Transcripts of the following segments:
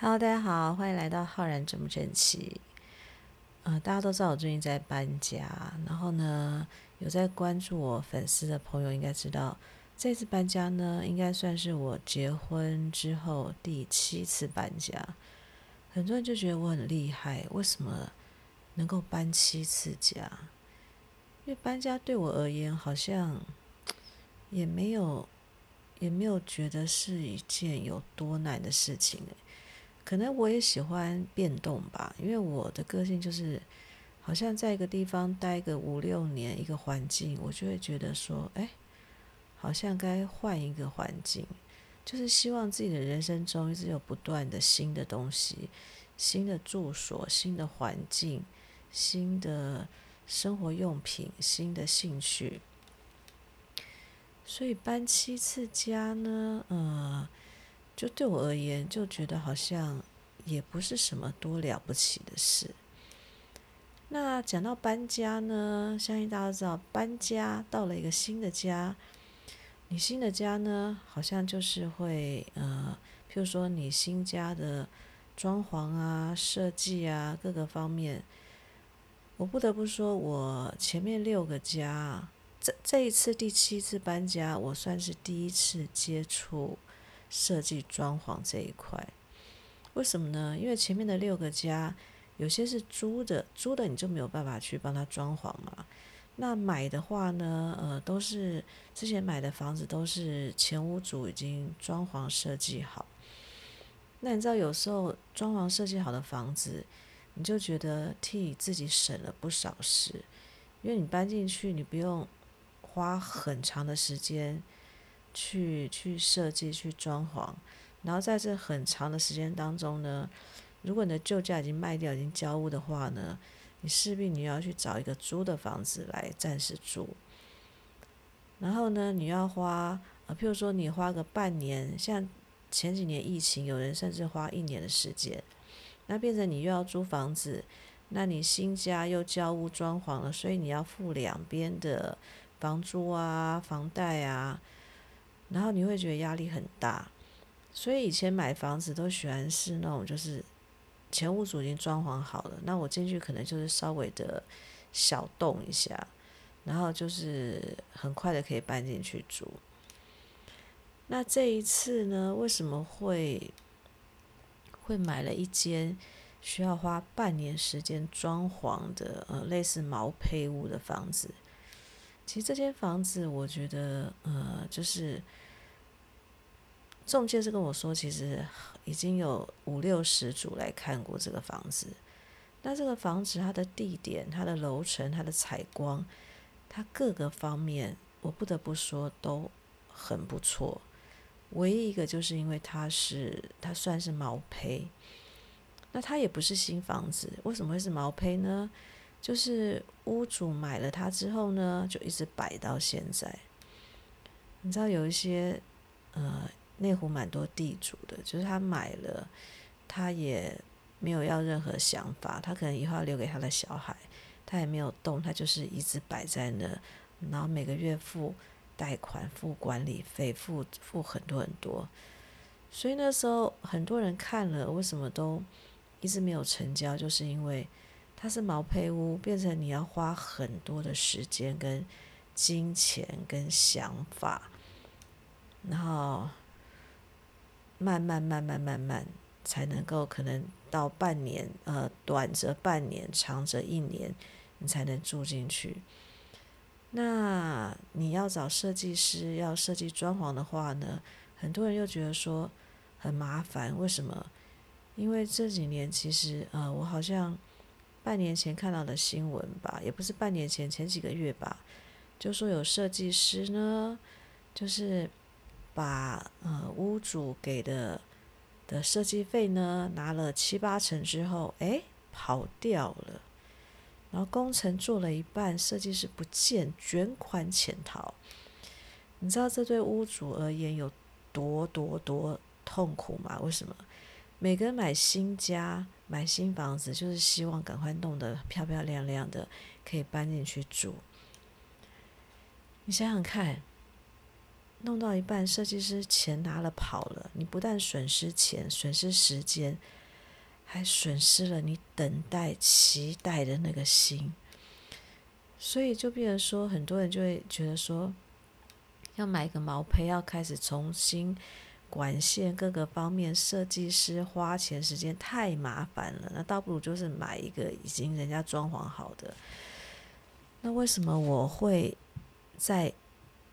哈嘍，大家好，歡迎來到浩然正不正經。呃，大家都知道我最近在搬家，然後呢，有在關注我粉絲的朋友應該知道，這次搬家呢，應該算是我結婚之後第七次搬家。很多人就覺得我很厲害，為什麼能夠搬七次家？因為搬家對我而言好像也沒有也沒有覺得是一件有多難的事情哎、欸。可能我也喜歡變動吧，因為我的個性就是，好像在一個地方待個五六年，一個環境，我就會覺得說，哎，好像該換一個環境，就是希望自己的人生中一直有不斷的新的東西、新的住所、新的環境、新的生活用品、新的興趣。所以搬七次家呢，呃。就對我而言，就覺得好像也不是什麼多了不起的事。那講到搬家呢，相信大家都知道，搬家到了一個新的家，你新的家呢，好像就是會呃，譬如說你新家的裝潢啊、設計啊，各個方面，我不得不說，我前面六個家，這這一次第七次搬家，我算是第一次接觸。設計裝潢這一塊，為什麼呢？因為前面的六個家，有些是租的，租的你就沒有辦法去幫他裝潢嘛。那買的話呢，呃，都是之前買的房子，都是前屋主已經裝潢設計好。那你知道，有時候裝潢設計好的房子，你就覺得替自己省了不少事，因為你搬進去，你不用花很長的時間。去去設計去裝潢，然後在這很長的時間當中呢，如果你的舊家已經賣掉已經交屋的話呢，你勢必你要去找一個租的房子來暫時住。然後呢，你要花，啊，譬如說你花個半年，像前幾年疫情，有人甚至花一年的時間，那變成你又要租房子，那你新家又交屋裝潢了，所以你要付兩邊的房租啊、房貸啊。然後你會覺得壓力很大，所以以前買房子都喜歡是那種，就是前屋主已經裝潢好了，那我進去可能就是稍微的小動一下，然後就是很快的可以搬進去住。那這一次呢，為什麼會會買了一間需要花半年時間裝潢的，呃，類似毛坯屋的房子？其實這間房子，我覺得，呃，就是中介是跟我說，其實已經有五六十組來看過這個房子。那這個房子它的地點、它的樓層、它的採光，它各個方面，我不得不說都很不錯。唯一一個就是因為它是，它算是毛胚，那它也不是新房子，為什麼會是毛胚呢？就是屋主買了它之後呢，就一直擺到現在。你知道有一些，呃，內湖蠻多地主的，就是他買了，他也沒有要任何想法，他可能以後要留給他的小孩，他也沒有動，他就是一直擺在那，然後每個月付貸款、付管理費、付付很多很多。所以那時候很多人看了，為什麼都一直沒有成交，就是因為。它是毛坯屋，變成你要花很多的時間、跟金錢、跟想法，然後慢慢、慢慢、慢慢，才能夠可能到半年，呃，短則半年，長則一年，你才能住進去。那你要找設計師要設計裝潢的話呢，很多人又覺得說很麻煩，為什麼？因為這幾年其實，呃，我好像。半年前看到的新聞吧，也不是半年前，前幾個月吧，就說有設計師呢，就是把呃屋主給的的設計費呢拿了七八成之後，哎、欸，跑掉了，然後工程做了一半，設計師不見，捲款潛逃。你知道這對屋主而言有多多多痛苦嗎？為什麼？每個人買新家。買新房子就是希望趕快弄得漂漂亮亮的，可以搬進去住。你想想看，弄到一半，設計師錢拿了跑了，你不但損失錢、損失時間，還損失了你等待、期待的那個心。所以就變成說，很多人就會覺得說，要買個毛坯，要開始重新。管線各個方面，設計師花錢時間太麻煩了，那倒不如就是買一個已經人家裝潢好的。那為什麼我會在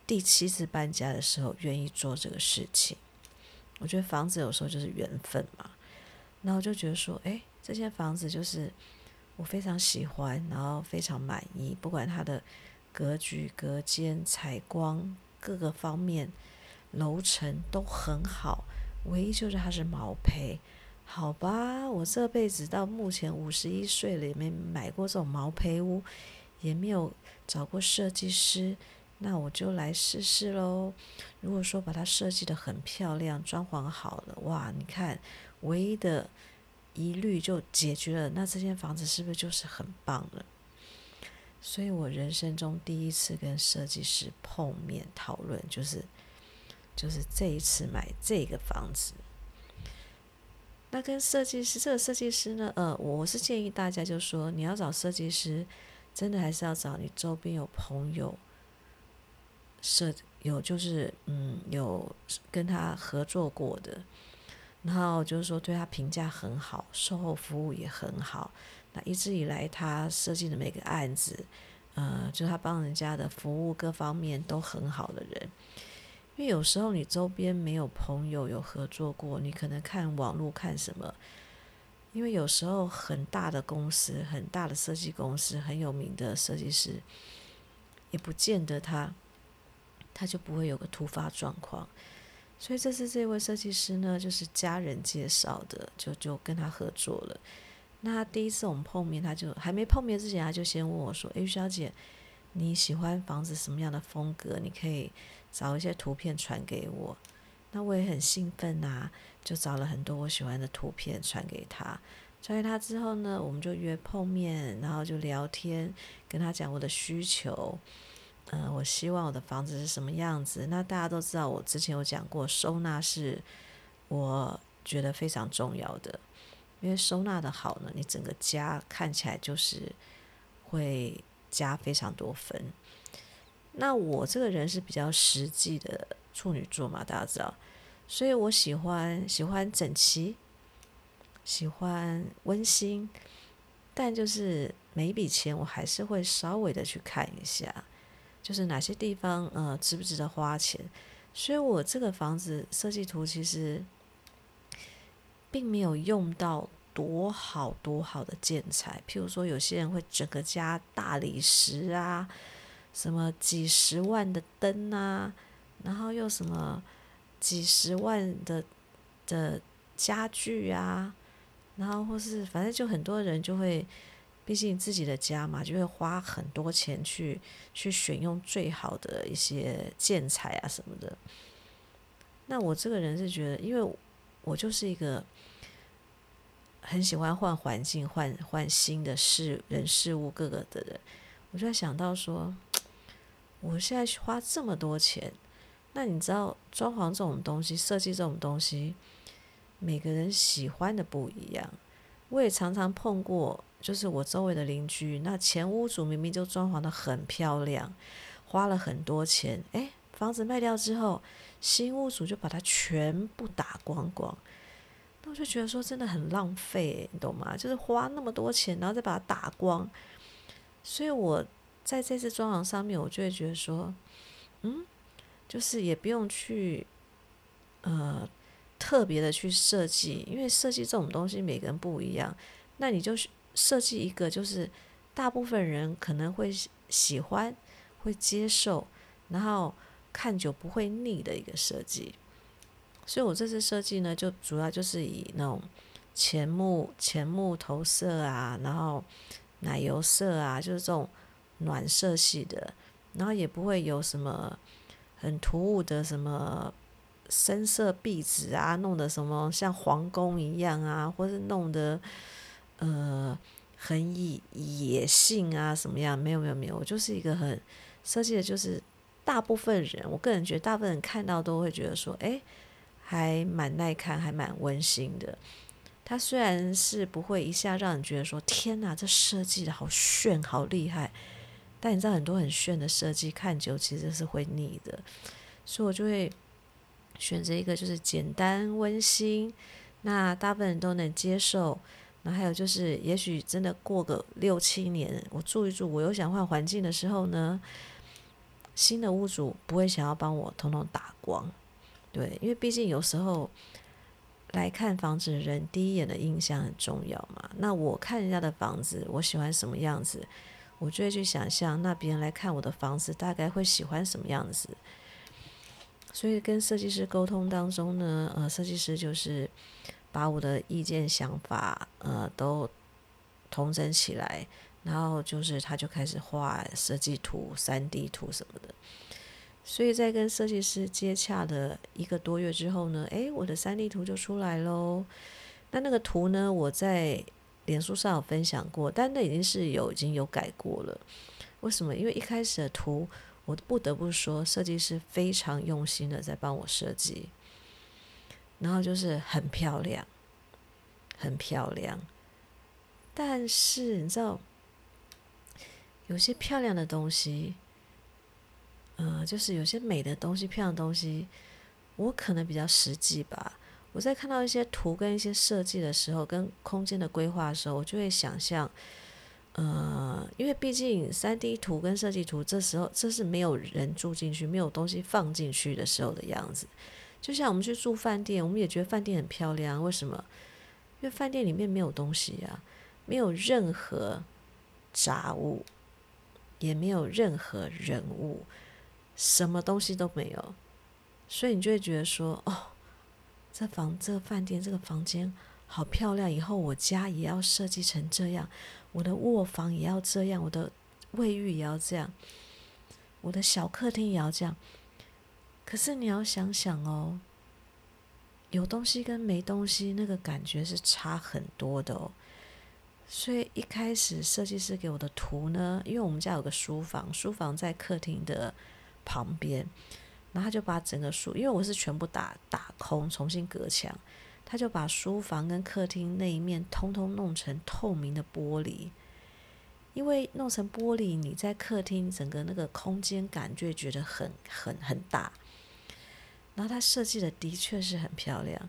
第七次搬家的時候願意做這個事情？我覺得房子有時候就是緣分嘛。然後就覺得說，誒，這間房子就是我非常喜歡，然後非常滿意，不管它的格局、隔間、採光各個方面，樓層都很好，唯一就是它是毛坯。好吧，我這輩子到目前五十一歲了，也沒買過這種毛坯屋，也沒有找過設計師，那我就來試試嘍。如果說把它設計得很漂亮，裝潢好了，哇，你看，唯一的疑慮就解決了，那這間房子是不是就是很棒了？所以我人生中第一次跟設計師碰面討論，就是。就是這一次買這個房子，那跟設計師這個設計師呢，呃，我是建議大家就說，你要找設計師，真的還是要找你周邊有朋友設有就是嗯有跟他合作過的，然後就是說對他評價很好，售後服務也很好，那一直以來他設計的每個案子，呃，就他幫人家的服務各方面都很好的人。因為有時候你周邊沒有朋友有合作過，你可能看網絡看什麼？因為有時候很大的公司、很大的設計公司、很有名的設計師，也不見得他，他就不會有個突發狀況。所以這次這位設計師呢，就是家人介紹的，就就跟他合作了。那第一次我們碰面，他就還沒碰面之前，他就先問我說：“誒，小姐，你喜歡房子什麼樣的風格？你可以？”找一些圖片傳給我，那我也很興奮吶、啊，就找了很多我喜歡的圖片傳給他。傳給他之後呢，我們就約碰面，然後就聊天，跟他講我的需求。嗯、呃，我希望我的房子是什麼樣子。那大家都知道，我之前有講過，收納是我覺得非常重要的，因為收納的好呢，你整個家看起來就是會加非常多分。那我這個人是比較實際的處女座嘛，大家知道，所以我喜歡喜歡整齊，喜歡溫馨，但就是每一筆錢我還是會稍微的去看一下，就是哪些地方呃值不值得花錢。所以我這個房子設計圖其實並沒有用到多好多好的建材，譬如說有些人會整個家大理石啊。什麼幾十萬的燈啊，然後又什麼幾十萬的的家具啊，然後或是反正就很多人就會，畢竟自己的家嘛，就會花很多錢去去選用最好的一些建材啊什麼的。那我這個人是覺得，因為我就是一個很喜歡換環境，換換新的事人事物各個的人，我就想到說，我現在花這麼多錢，那你知道裝潢這種東西，設計這種東西，每個人喜歡的不一樣。我也常常碰過，就是我周圍的鄰居，那前屋主明明就裝潢得很漂亮，花了很多錢，誒，房子賣掉之後，新屋主就把它全部打光光。那我就覺得說真的很浪費，欸，你懂嗎？就是花那麼多錢，然後再把它打光，所以我。在這次裝潢上面，我就會覺得說，嗯，就是也不用去，呃，特別的去設計，因為設計這種東西每個人不一樣，那你就設計一個就是大部分人可能會喜歡、會接受，然後看久不會膩的一個設計。所以，我這次設計呢，就主要就是以那種淺木、淺木頭色啊，然後奶油色啊，就是這種。暖色系的，然後也不會有什麼很突兀的什麼深色壁紙啊，弄得什麼像皇宮一樣啊，或是弄得呃很野野性啊，什麼樣？沒有沒有沒有，我就是一個很設計的，就是大部分人，我個人覺得大部分人看到都會覺得說，誒，還蠻耐看，還蠻溫馨的。它雖然是不會一下讓你覺得說，天哪，這設計的好炫，好厲害。但你知道很多很炫的設計看久其實是會膩的，所以我就會選擇一個就是簡單溫馨，那大部分人都能接受。那還有就是，也許真的過個六七年，我住一住，我又想換環境的時候呢，新的屋主不會想要幫我通通打光，對，因為畢竟有時候來看房子的人第一眼的印象很重要嘛。那我看人家的房子，我喜歡什麼樣子？我就會去想象那別人來看我的房子大概會喜歡什麼樣子，所以跟設計師溝通當中呢，呃，設計師就是把我的意見想法，呃，都統整起來，然後就是他就開始畫設計圖、三 D 圖什麼的。所以在跟設計師接洽的一個多月之後呢，誒，我的三 D 圖就出來嘍。那那個圖呢，我在臉書上有分享過，但那已經是有已經有改過了。為什麼？因為一開始的圖，我不得不說，設計師非常用心的在幫我設計，然後就是很漂亮，很漂亮。但是你知道，有些漂亮的東西，呃，就是有些美的東西、漂亮的東西，我可能比較實際吧。我在看到一些圖跟一些設計的時候，跟空間的規劃的時候，我就會想象，呃，因為畢竟 3D 圖跟設計圖，這時候這是沒有人住進去，沒有東西放進去的時候的樣子。就像我們去住飯店，我們也覺得飯店很漂亮，為什麼？因為飯店裡面沒有東西啊，沒有任何雜物，也沒有任何人物，什麼東西都沒有，所以你就會覺得說，哦。這房、這個飯店、這個房間好漂亮，以後我家也要設計成這樣，我的臥房也要這樣，我的衛浴也要這樣，我的小客廳也要這樣。可是你要想想哦，有東西跟沒東西，那個感覺是差很多的哦。所以一開始設計師給我的圖呢，因為我們家有個書房，書房在客廳的旁邊。然後他就把整個書，因為我是全部打打空，重新隔牆，他就把書房跟客廳那一面通通弄成透明的玻璃。因為弄成玻璃，你在客廳整個那個空間感覺覺得很很很大。然後他設計的的確是很漂亮，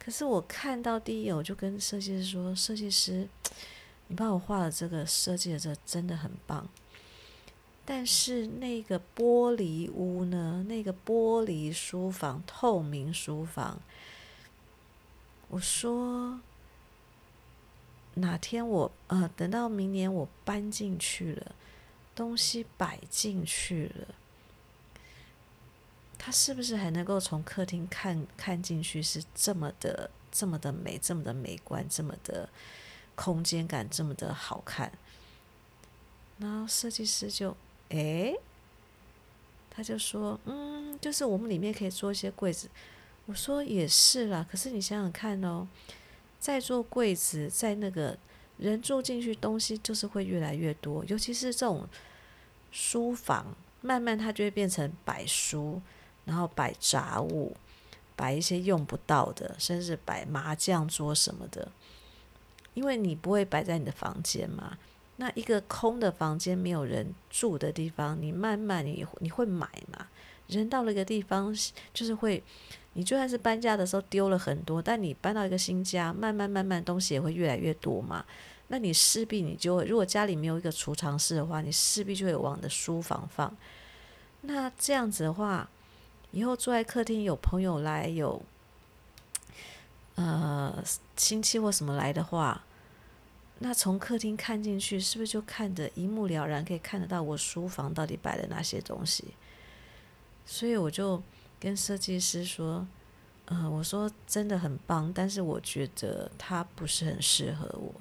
可是我看到第一眼，我就跟設計師說：“設計師，你幫我畫的這個設計的這個、真的很棒。”但是那個玻璃屋呢？那個玻璃書房、透明書房，我說哪天我呃，等到明年我搬進去了，東西擺進去了，它是不是還能夠從客廳看看進去？是這麼的、這麼的美、這麼的美觀、這麼的空間感、這麼的好看。然後設計師就。誒，他就說，嗯，就是我們裡面可以做一些櫃子。我說也是啦，可是你想想看哦，在做櫃子，在那個人住進去，東西就是會越來越多，尤其是這種書房，慢慢它就會變成擺書，然後擺雜物，擺一些用不到的，甚至擺麻將桌什麼的，因為你不會擺在你的房間嘛。那一個空的房間，沒有人住的地方，你慢慢你你會買嘛？人到了一個地方，就是會，你就算是搬家的時候丟了很多，但你搬到一個新家，慢慢慢慢東西也會越來越多嘛。那你勢必你就會，如果家裡沒有一個儲藏室的話，你勢必就會往你的書房放。那這樣子的話，以後坐在客廳，有朋友來，有呃親戚或什麼來的話，那從客廳看進去，是不是就看得一目了然，可以看得到我書房到底擺了哪些東西？所以我就跟設計師說：“嗯、呃，我說真的很棒，但是我覺得它不是很適合我。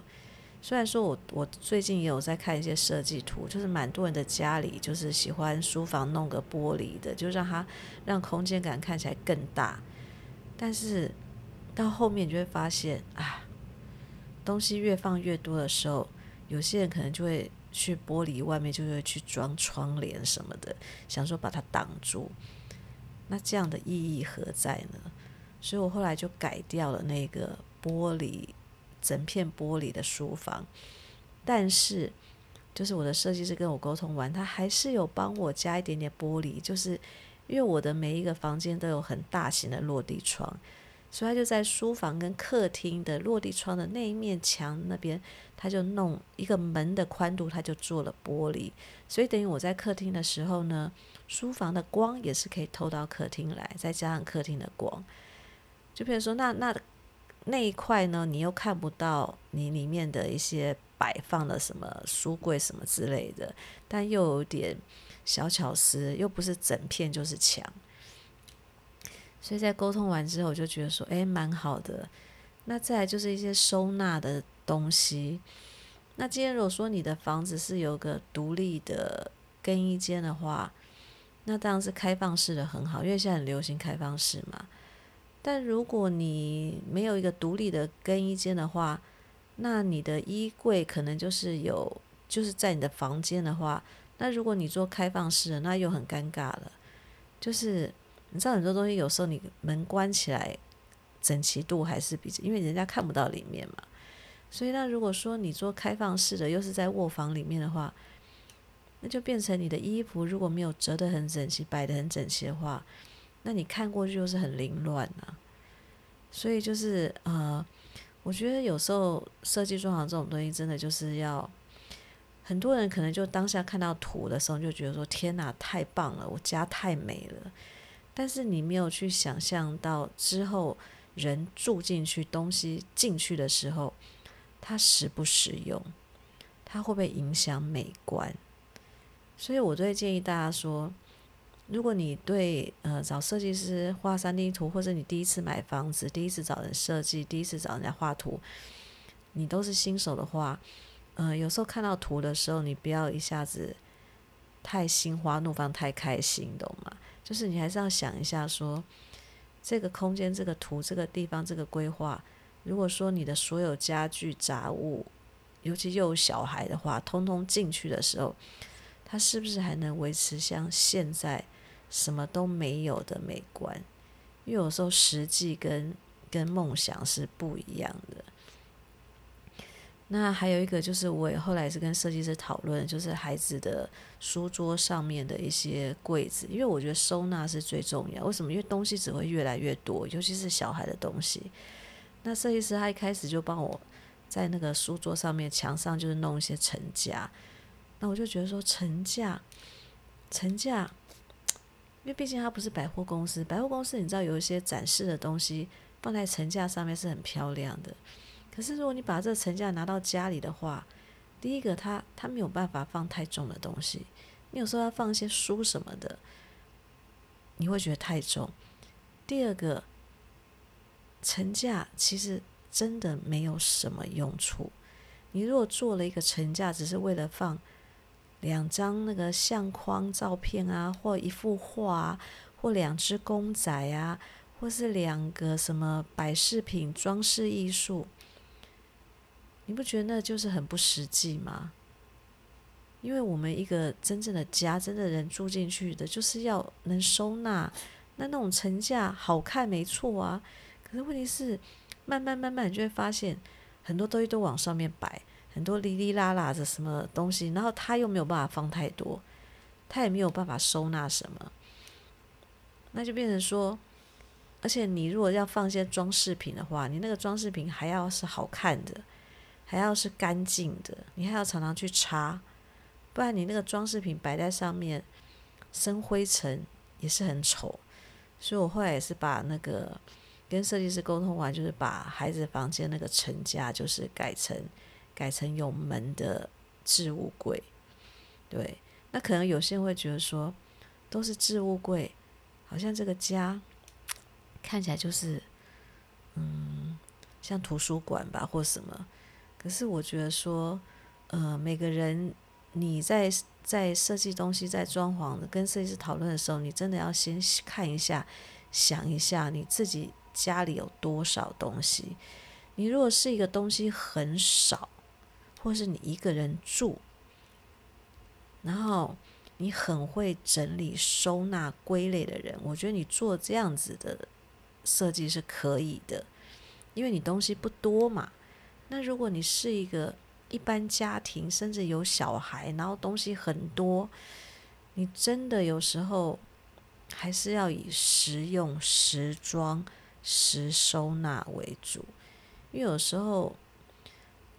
雖然說我我最近也有在看一些設計圖，就是蠻多人的家裡就是喜歡書房弄個玻璃的，就讓它讓空間感看起來更大。但是到後面你就會發現，啊。”東西越放越多的時候，有些人可能就會去玻璃外面，就會去裝窗簾什麼的，想說把它擋住。那這樣的意義何在呢？所以我後來就改掉了那個玻璃，整片玻璃的書房。但是，就是我的設計師跟我溝通完，他還是有幫我加一點點玻璃，就是因為我的每一個房間都有很大型的落地窗。所以，他就在書房跟客廳的落地窗的那一面牆那邊，他就弄一個門的寬度，他就做了玻璃。所以，等於我在客廳的時候呢，書房的光也是可以透到客廳來，再加上客廳的光，就比如說，那那那一塊呢，你又看不到你裡面的一些擺放的什麼書櫃什麼之類的，但又有點小巧思，又不是整片就是牆。所以在溝通完之後，我就覺得說，哎，蠻好的。那再來就是一些收納的東西。那今天如果說你的房子是有個獨立的更衣間的話，那當然是開放式的很好，因為現在很流行開放式嘛。但如果你沒有一個獨立的更衣間的話，那你的衣櫃可能就是有，就是在你的房間的話，那如果你做開放式的，那又很尷尬了，就是。你知道很多東西，有時候你門關起來，整齊度還是比，因為人家看不到裡面嘛。所以，那如果說你做開放式的，又是在臥房裡面的話，那就變成你的衣服如果沒有折得很整齊、擺得很整齊的話，那你看過去就是很凌亂啊。所以，就是呃，我覺得有時候設計裝潢這種東西，真的就是要很多人可能就當下看到圖的時候，就覺得說：“天哪，太棒了，我家太美了。”但是你沒有去想象到之後人住進去、東西進去的時候，它實不實用，它會不會影響美觀？所以我會建議大家說，如果你對呃找設計師畫 3D 圖，或者你第一次買房子、第一次找人設計、第一次找人家畫圖，你都是新手的話，呃有時候看到圖的時候，你不要一下子太心花怒放、太開心，懂嗎？就是你還是要想一下說，說這個空間、這個圖、這個地方、這個規劃，如果說你的所有家具、雜物，尤其又有小孩的話，通通進去的時候，它是不是還能維持像現在什麼都沒有的美觀？因為有時候實際跟跟夢想是不一樣的。那還有一個就是，我也後來是跟設計師討論，就是孩子的書桌上面的一些櫃子，因為我覺得收納是最重要。為什麼？因為東西只會越來越多，尤其是小孩的東西。那設計師他一開始就幫我在那個書桌上面牆上就是弄一些層架，那我就覺得說，層架、層架，因為畢竟它不是百貨公司，百貨公司你知道有一些展示的東西放在層架上面是很漂亮的。可是，如果你把這層架拿到家裡的話，第一個它，它它沒有辦法放太重的東西。你有時候要放一些書什麼的，你會覺得太重。第二個，層架其實真的沒有什麼用處。你如果做了一個層架，只是為了放兩張那個相框照片啊，或一幅畫啊，或兩隻公仔啊，或是兩個什麼擺飾品裝飾藝術。你不覺得那就是很不實際嗎？因為我們一個真正的家，真的人住進去的，就是要能收納。那那種層架好看沒錯啊，可是問題是，慢慢慢慢你就會發現，很多東西都往上面擺，很多哩哩啦啦的什麼東西，然後他又沒有辦法放太多，他也沒有辦法收納什麼，那就變成說，而且你如果要放一些裝飾品的話，你那個裝飾品還要是好看的。還要是乾淨的，你還要常常去擦，不然你那個裝飾品擺在上面生灰塵也是很醜。所以我後來也是把那個跟設計師溝通完，就是把孩子房間那個層架，就是改成改成有門的置物櫃。對，那可能有些人會覺得說，都是置物櫃，好像這個家看起來就是嗯，像圖書館吧，或什麼。可是我覺得說，呃，每個人你在在設計東西，在裝潢跟設計師討論的時候，你真的要先看一下，想一下你自己家裡有多少東西。你如果是一個東西很少，或是你一個人住，然後你很會整理收納歸類的人，我覺得你做這樣子的設計是可以的，因為你東西不多嘛。那如果你是一個一般家庭，甚至有小孩，然後東西很多，你真的有時候還是要以實用、實裝、實收納為主，因為有時候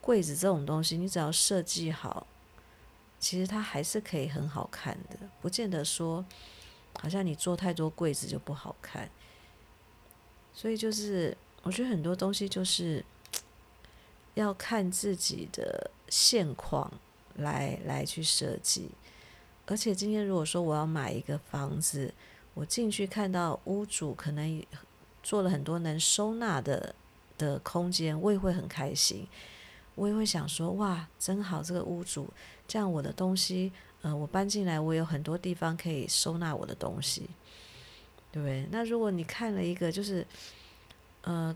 櫃子這種東西，你只要設計好，其實它還是可以很好看的，不見得說好像你做太多櫃子就不好看。所以就是我覺得很多東西就是。要看自己的現況來來去設計，而且今天如果說我要買一個房子，我進去看到屋主可能做了很多能收納的的空間，我也會很開心，我也會想說哇，真好，這個屋主這樣我的東西，呃，我搬進來我有很多地方可以收納我的東西，對不對？那如果你看了一個就是，呃，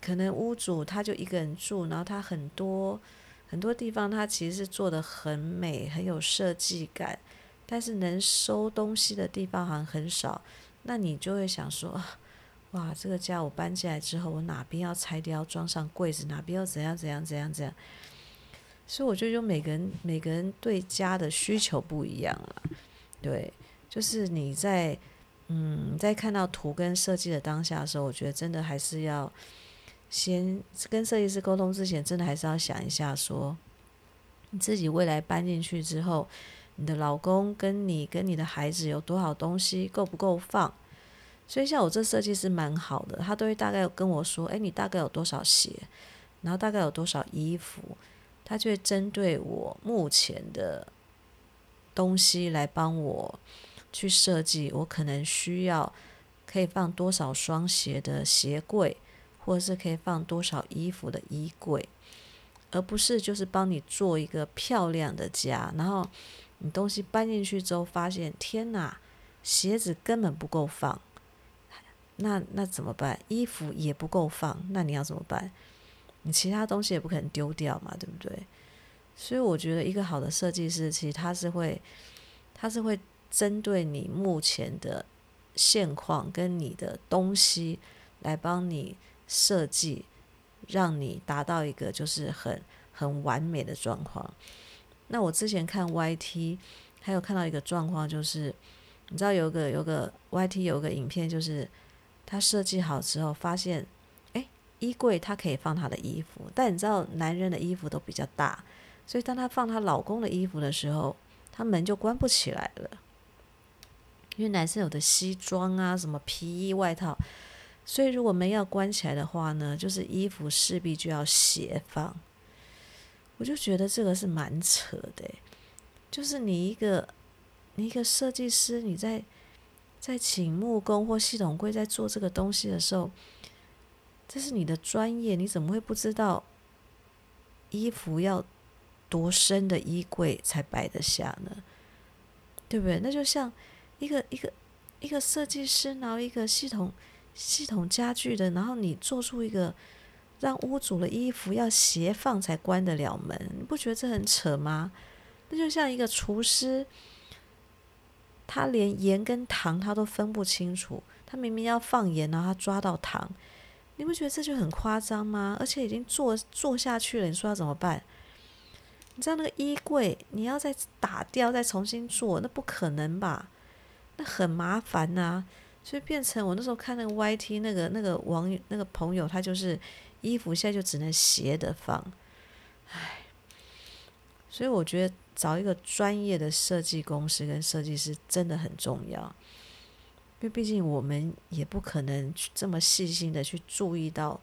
可能屋主他就一個人住，然後他很多很多地方他其實是做得很美，很有設計感，但是能收東西的地方好像很少。那你就會想說，哇，這個家我搬進來之後，我哪邊要拆掉裝上櫃子，哪邊要怎樣怎樣怎樣怎樣？所以我覺得，就每個人每個人對家的需求不一樣了啊。對，就是你在嗯在看到圖跟設計的當下的時候，我覺得真的還是要。先跟設計師溝通之前，真的還是要想一下說，說你自己未來搬進去之後，你的老公跟你跟你的孩子有多少東西，夠不夠放？所以像我這設計師蠻好的，他都會大概跟我說，哎、欸，你大概有多少鞋，然後大概有多少衣服，他就會針對我目前的東西來幫我去設計，我可能需要可以放多少雙鞋的鞋櫃。或者是可以放多少衣服的衣櫃，而不是就是幫你做一個漂亮的家。然後你東西搬進去之後，發現天哪，鞋子根本不夠放，那那怎麼辦？衣服也不夠放，那你要怎麼辦？你其他東西也不可能丟掉嘛，對不對？所以我覺得一個好的設計師，其實他是會，他是會針對你目前的現況跟你的東西來幫你。設計讓你達到一個就是很很完美的狀況。那我之前看 YT，還有看到一個狀況，就是你知道有個有個 YT 有個影片，就是他設計好之後發現，哎，衣櫃它可以放他的衣服，但你知道男人的衣服都比較大，所以當他放她老公的衣服的時候，他門就關不起來了，因為男生有的西裝啊，什麼皮衣外套。所以，如果門要關起來的話呢，就是衣服勢必就要斜放。我就覺得這個是蠻扯的，就是你一個你一個設計師，你在在請木工或系統櫃在做這個東西的時候，這是你的專業，你怎麼會不知道衣服要多深的衣櫃才擺得下呢？對不對？那就像一個一個一個設計師，然後一個系統。系統家具的，然後你做出一個讓屋主的衣服要斜放才關得了門，你不覺得這很扯嗎？那就像一個廚師，他連鹽跟糖他都分不清楚，他明明要放鹽，然後他抓到糖，你不覺得這就很誇張嗎？而且已經做做下去了，你說要怎麼辦？你知道那個衣櫃，你要再打掉再重新做，那不可能吧？那很麻煩吶、啊。所以變成我那時候看那個 YT 那個那個網那個朋友，他就是衣服現在就只能斜的放，唉。所以我覺得找一個專業的設計公司跟設計師真的很重要，因為畢竟我們也不可能去這麼細心的去注意到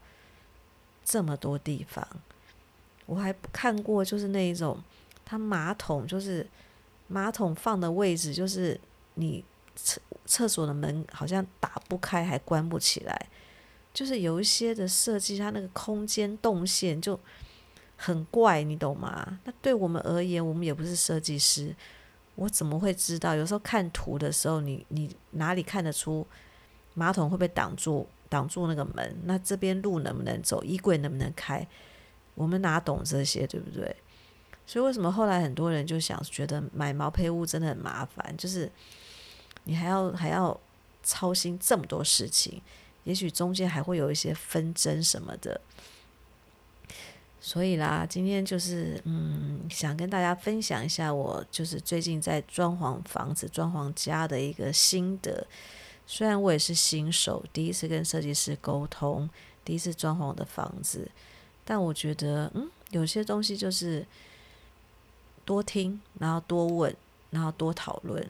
這麼多地方。我還看過就是那一種，他馬桶就是馬桶放的位置就是你。廁廁所的門好像打不開，還關不起來，就是有一些的設計，它那個空間動線就很怪，你懂嗎？那對我們而言，我們也不是設計師，我怎麼會知道？有時候看圖的時候你，你你哪裡看得出馬桶會被擋住擋住那個門？那這邊路能不能走？衣櫃能不能開？我們哪懂這些，對不對？所以為什麼後來很多人就想覺得買毛坯屋真的很麻煩，就是。你還要還要操心這麼多事情，也許中間還會有一些紛爭什麼的。所以啦，今天就是嗯，想跟大家分享一下我就是最近在裝潢房子、裝潢家的一個心得。雖然我也是新手，第一次跟設計師溝通，第一次裝潢的房子，但我覺得嗯，有些東西就是多聽，然後多問，然後多討論。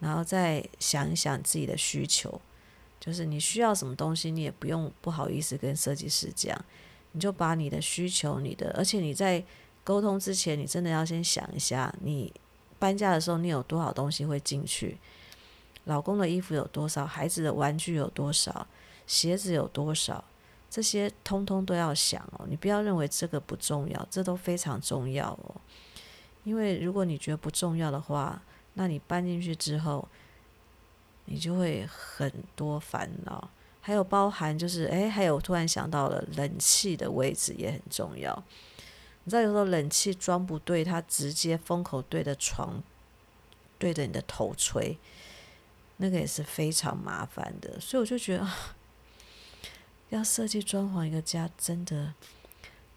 然後再想一想自己的需求，就是你需要什麼東西，你也不用不好意思跟設計師講，你就把你的需求、你的，而且你在溝通之前，你真的要先想一下，你搬家的時候你有多少東西會進去，老公的衣服有多少，孩子的玩具有多少，鞋子有多少，這些通通都要想哦。你不要認為這個不重要，這都非常重要哦，因為如果你覺得不重要的話，那你搬進去之後，你就會很多煩惱，還有包含就是，哎、欸，還有我突然想到了，冷氣的位置也很重要。你知道有時候冷氣裝不對，它直接風口對着床，對着你的頭吹，那個也是非常麻煩的。所以我就覺得啊，要設計裝潢一個家，真的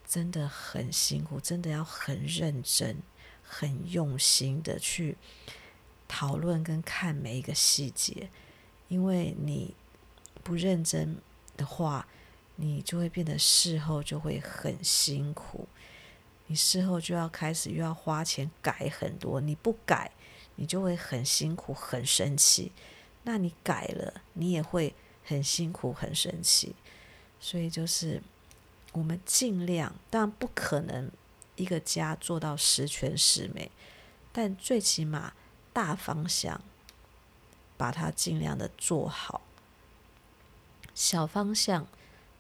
真的很辛苦，真的要很認真、很用心的去。討論跟看每一個細節，因為你不認真的話，你就會變得事後就會很辛苦，你事後就要開始又要花錢改很多，你不改，你就會很辛苦很生氣，那你改了，你也會很辛苦很生氣，所以就是我們盡量，當然，不可能一個家做到十全十美，但最起碼。大方向，把它儘量的做好。小方向，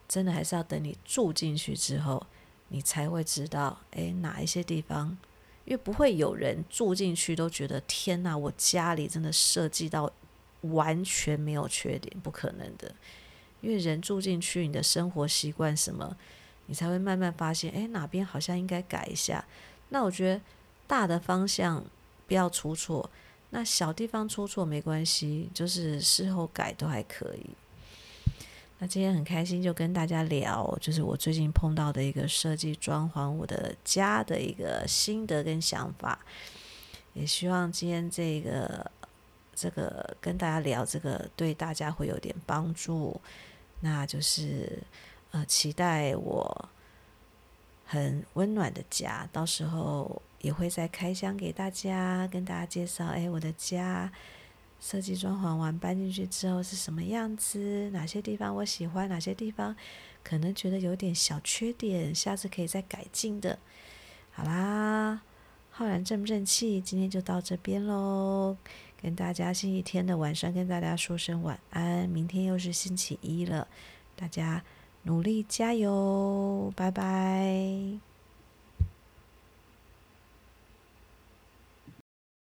真的還是要等你住進去之後，你才會知道，誒，哪一些地方，因為不會有人住進去都覺得，天哪，我家裡真的設計到完全沒有缺點，不可能的。因為人住進去，你的生活習慣什麼，你才會慢慢發現，誒，哪邊好像應該改一下。那我覺得大的方向。不要出錯，那小地方出錯沒關係，就是事後改都還可以。那今天很開心，就跟大家聊，就是我最近碰到的一個設計裝潢，我的家的一個心得跟想法，也希望今天這個這個跟大家聊這個對大家會有點幫助。那就是呃，期待我。很溫暖的家，到時候也會再開箱給大家，跟大家介紹。哎，我的家設計、裝潢完搬進去之後是什麼樣子？哪些地方我喜歡？哪些地方可能覺得有點小缺點？下次可以再改進的。好啦，浩然正不正氣？今天就到這邊嘍，跟大家星期天的晚上跟大家說聲晚安。明天又是星期一了，大家。努力加油，拜拜。